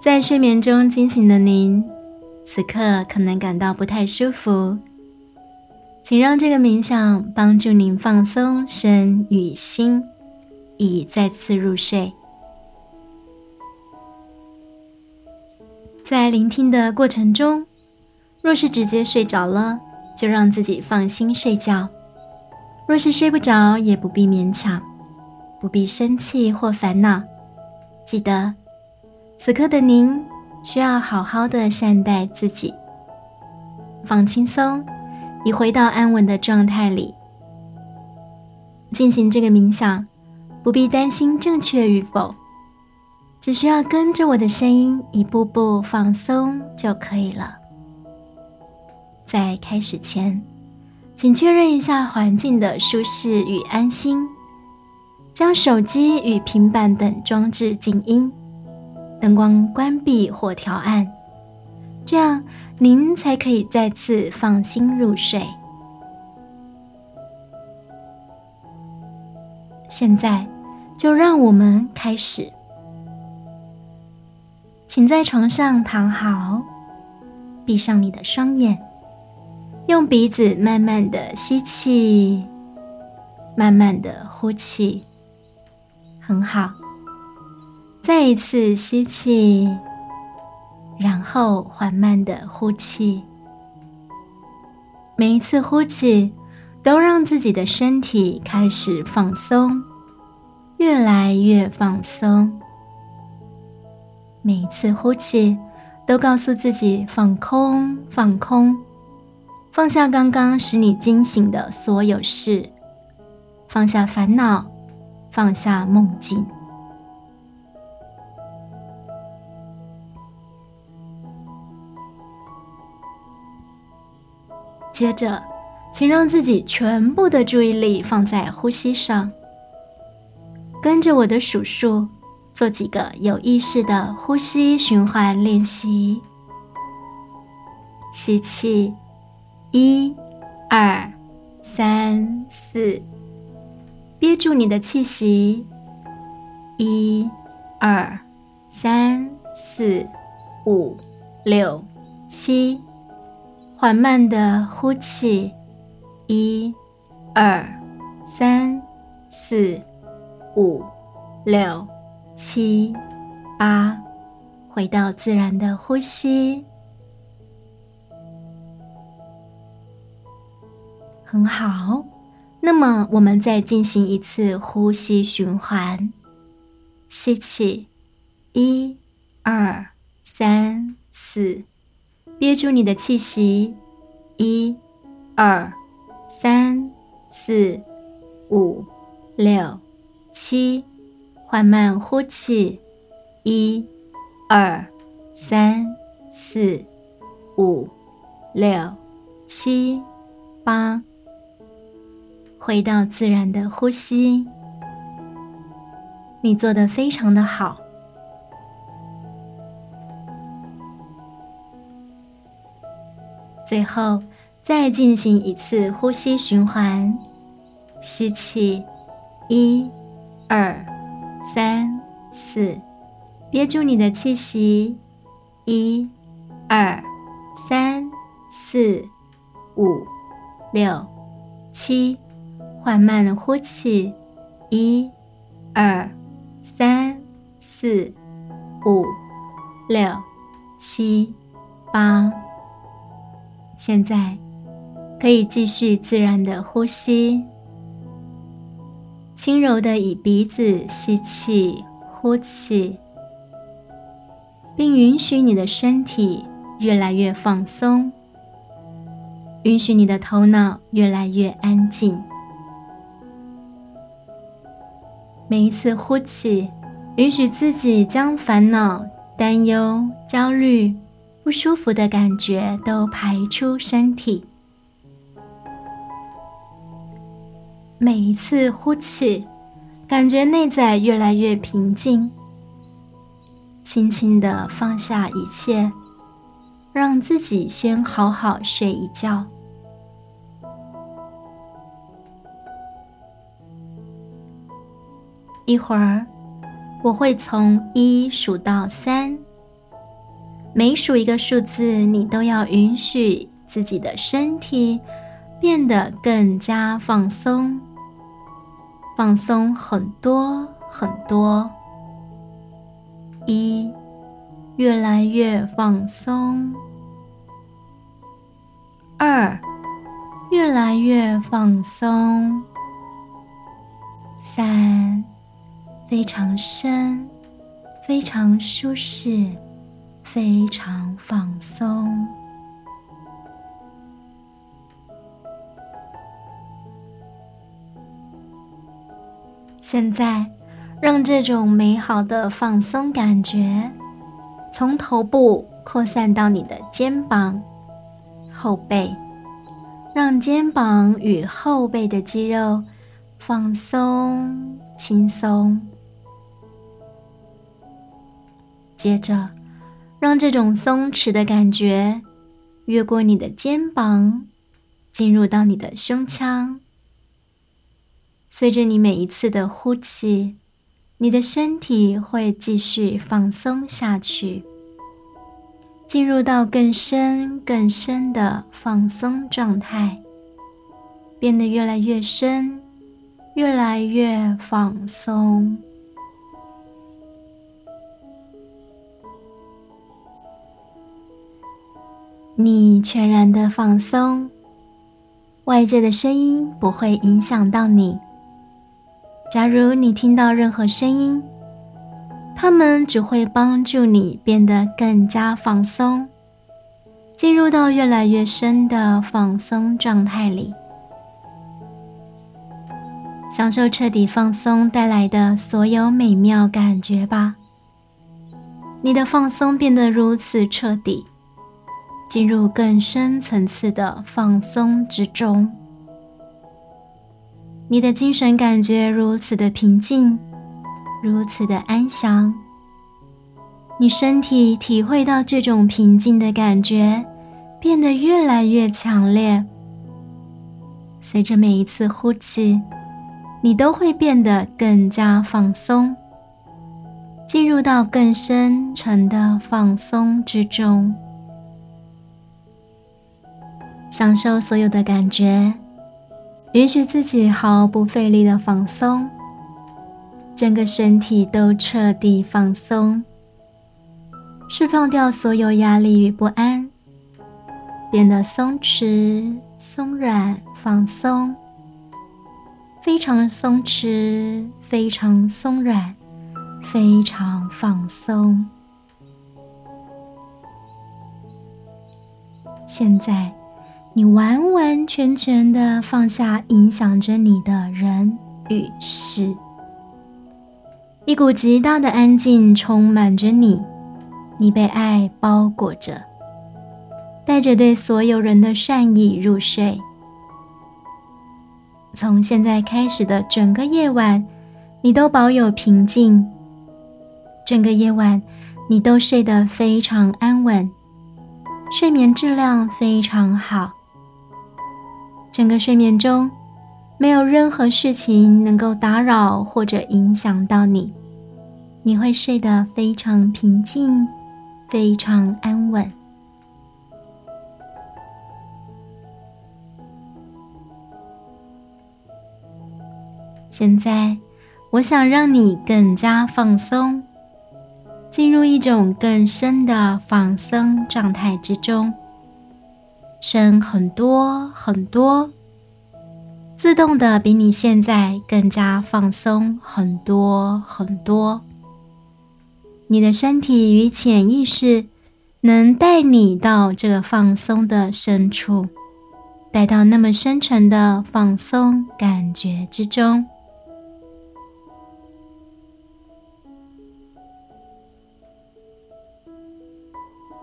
在睡眠中驚醒的您，此刻可能感到不太舒服，請讓這個冥想幫助您放鬆身與心，以再次入睡。在聆聽的過程中，若是直接睡着了，就讓自己放心睡覺；若是睡不着，也不必勉強，不必生氣或煩惱，記得。此刻的您需要好好的善待自己，放輕鬆，以回到安穩的狀態裡。進行這個冥想，不必擔心正確與否，只需要跟着我的聲音一步步放鬆就可以了。在開始前，請確認一下環境的舒適與安心，將手機與平板等裝置靜音。燈光關閉或調暗，這樣您才可以再次放心入睡。現在，就讓我們開始。請在床上躺好，閉上你的雙眼，用鼻子慢慢的吸氣，慢慢的呼氣，很好。再一次吸氣，然後緩慢的呼氣。每一次呼氣，都讓自己的身體開始放鬆，越來越放鬆。每一次呼氣，都告訴自己放空，放空，放下剛剛使你驚醒的所有事，放下煩惱，放下夢境。接着，請讓自己全部的注意力放在呼吸上。跟着我的數數，做幾個有意識的呼吸循環練習。吸氣，一、二、三、四；憋住你的氣息，一、二、三、四、五、六、七。緩慢的呼氣，一、二、三、四、五、六、七、八，回到自然的呼吸，很好。那麼，我們再進行一次呼吸循環，吸氣，一、二、三、四。憋住你的氣息，一、二、三、四、五、六、七，緩慢呼氣，一、二、三、四、五、六、七、八，回到自然的呼吸。你做得非常的好。最後，再進行一次呼吸循環，吸氣，一、二、三、四，憋住你的氣息，一、二、三、四、五、六、七，緩慢呼氣，一、二、三、四、五、六、七、八。現在，可以繼續自然的呼吸，輕柔的以鼻子吸氣、呼氣，並允許你的身體越來越放鬆，允許你的頭腦越來越安靜。每一次呼氣，允許自己將煩惱、擔憂、焦慮、不舒服的感覺都排出身體。每一次呼氣，感覺內在越來越平靜。輕輕的放下一切，讓自己先好好睡一覺。一會兒，我會從一數到三。每數一個數字，你都要允許自己的身體變得更加放鬆，放鬆很多很多。一，越來越放鬆；二，越來越放鬆；三，非常深，非常舒適。非常放鬆。現在，讓這種美好的放鬆感覺從頭部擴散到你的肩膀、後背，讓肩膀與後背的肌肉放鬆、輕鬆。接着。讓這種鬆弛的感覺越過你的肩膀，進入到你的胸腔。隨着你每一次的呼氣，你的身體會繼續放鬆下去，進入到更深更深的放鬆狀態，變得越來越深，越來越放鬆。你全然的放鬆，外界的聲音不會影響到你。假如你聽到任何聲音，他們只會幫助你變得更加放鬆，進入到越來越深的放鬆狀態裡。享受徹底放鬆帶來的所有美妙感覺吧。你的放鬆變得如此徹底。進入更深層次的放鬆之中，你的精神感覺如此的平靜，如此的安詳。你身體體會到這種平靜的感覺，變得越來越強烈。隨着每一次呼氣，你都會變得更加放鬆，進入到更深層的放鬆之中。享受所有的感覺，允許自己毫不費力地放鬆，整個身體都徹底放鬆，釋放掉所有壓力與不安，變得鬆弛、鬆軟、放鬆，非常鬆弛，非常鬆軟，非常放鬆。現在，你完完全全地放下影響着你的人與事，一股極大的安靜充滿着你，你被愛包裹着，帶着對所有人的善意入睡。從現在開始的整個夜晚，你都保有平靜，整個夜晚你都睡得非常安穩，睡眠質量非常好。整個睡眠中，沒有任何事情能夠打擾或者影響到你，你會睡得非常平靜，非常安穩。現在，我想讓你更加放鬆，進入一種更深的放鬆狀態之中。深很多很多，自動的比你現在更加放鬆很多很多。你的身體與潛意識能帶你到這個放鬆的深處，帶到那麼深沉的放鬆感覺之中。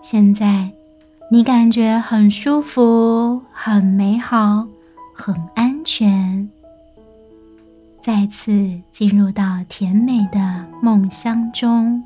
現在。你感覺很舒服，很美好，很安全。再次進入到甜美的夢鄉中。